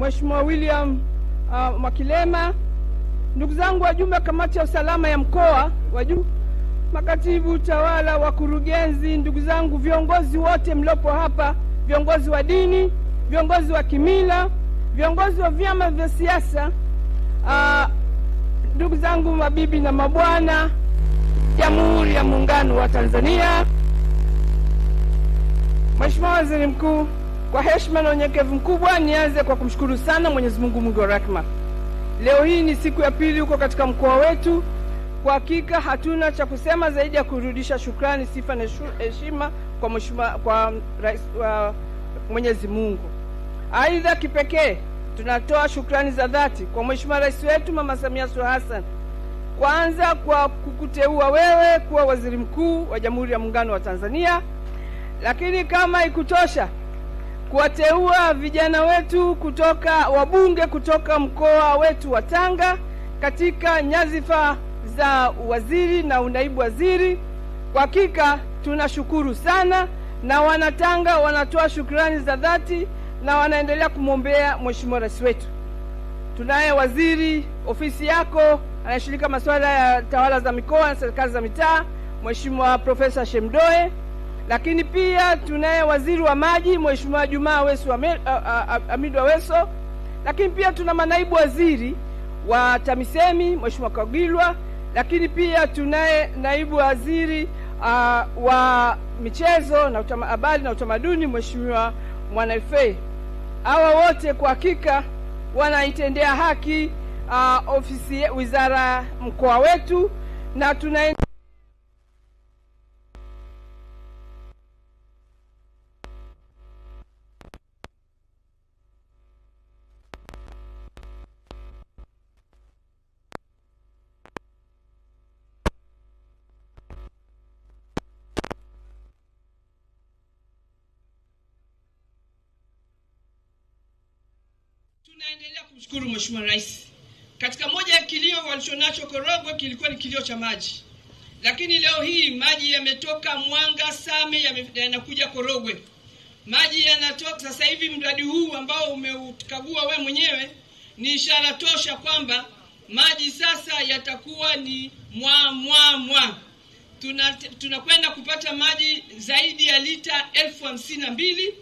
Mheshimiwa William uh, Mwakilema, ndugu zangu wajumbe kamati ya usalama ya mkoa, wajumbe makatibu tawala, wakurugenzi, ndugu zangu viongozi wote mliopo hapa, viongozi wa dini, viongozi wa kimila, viongozi wa vyama vya siasa, uh, ndugu zangu mabibi na mabwana, Jamhuri ya Muungano wa Tanzania, Mheshimiwa Waziri Mkuu kwa heshima na unyenyekevu mkubwa, nianze kwa kumshukuru sana Mwenyezi Mungu mwingi wa rehema. Leo hii ni siku ya pili huko katika mkoa wetu. Kwa hakika hatuna cha kusema zaidi ya kurudisha shukrani, sifa na heshima kwa mheshimiwa, kwa rais wa Mwenyezi Mungu. Aidha, kipekee tunatoa shukrani za dhati kwa Mheshimiwa Rais wetu Mama Samia Suluhu Hassan, kwanza kwa kukuteua wewe kuwa waziri mkuu wa Jamhuri ya Muungano wa Tanzania, lakini kama ikutosha kuwateua vijana wetu kutoka wabunge kutoka mkoa wetu wa Tanga katika nyadhifa za waziri na unaibu waziri. Kwa hakika tunashukuru sana, na Wanatanga wanatoa shukrani za dhati na wanaendelea kumwombea Mheshimiwa Rais wetu. Tunaye waziri ofisi yako anayeshirika masuala ya tawala za mikoa na serikali za mitaa, Mheshimiwa Profesa Shemdoe. Lakini pia tunaye waziri wa maji Mheshimiwa Jumaa Wesu Hamidu Aweso, lakini pia tuna manaibu waziri wa TAMISEMI Mheshimiwa Kagilwa, lakini pia tunaye naibu waziri uh, wa michezo na habari na utamaduni Mheshimiwa Mwanaifei. Hawa wote kwa hakika wanaitendea haki uh, ofisi wizara mkoa wetu na tuna Tunaendelea kumshukuru Mheshimiwa Rais. Katika moja ya kilio walichonacho Korogwe kilikuwa ni kilio cha maji, lakini leo hii maji yametoka Mwanga Same yanakuja ya Korogwe, maji yanatoka sasa hivi. Mradi huu ambao umeukagua we mwenyewe ni ishara tosha kwamba maji sasa yatakuwa ni mwa mwa mwa. Tunakwenda tuna kupata maji zaidi ya lita elfu hamsini na mbili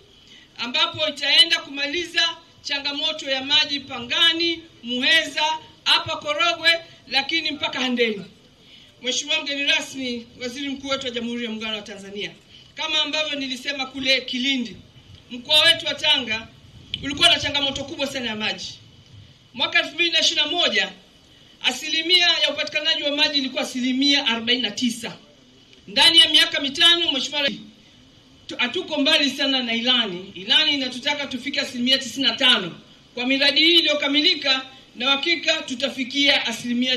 ambapo itaenda kumaliza changamoto ya maji Pangani, Muheza, hapa Korogwe, lakini mpaka Handeni. Mheshimiwa mgeni rasmi, waziri mkuu wetu wa Jamhuri ya Muungano wa Tanzania, kama ambavyo nilisema kule Kilindi, mkoa wetu wa Tanga ulikuwa na changamoto kubwa sana ya maji. Mwaka 2021 asilimia ya upatikanaji wa maji ilikuwa asilimia 49. Ndani ya miaka mitano, mheshimiwa hatuko mbali sana na ilani. Ilani inatutaka tufike asilimia tisini na tano. Kwa miradi hii iliyokamilika, na hakika tutafikia asilimia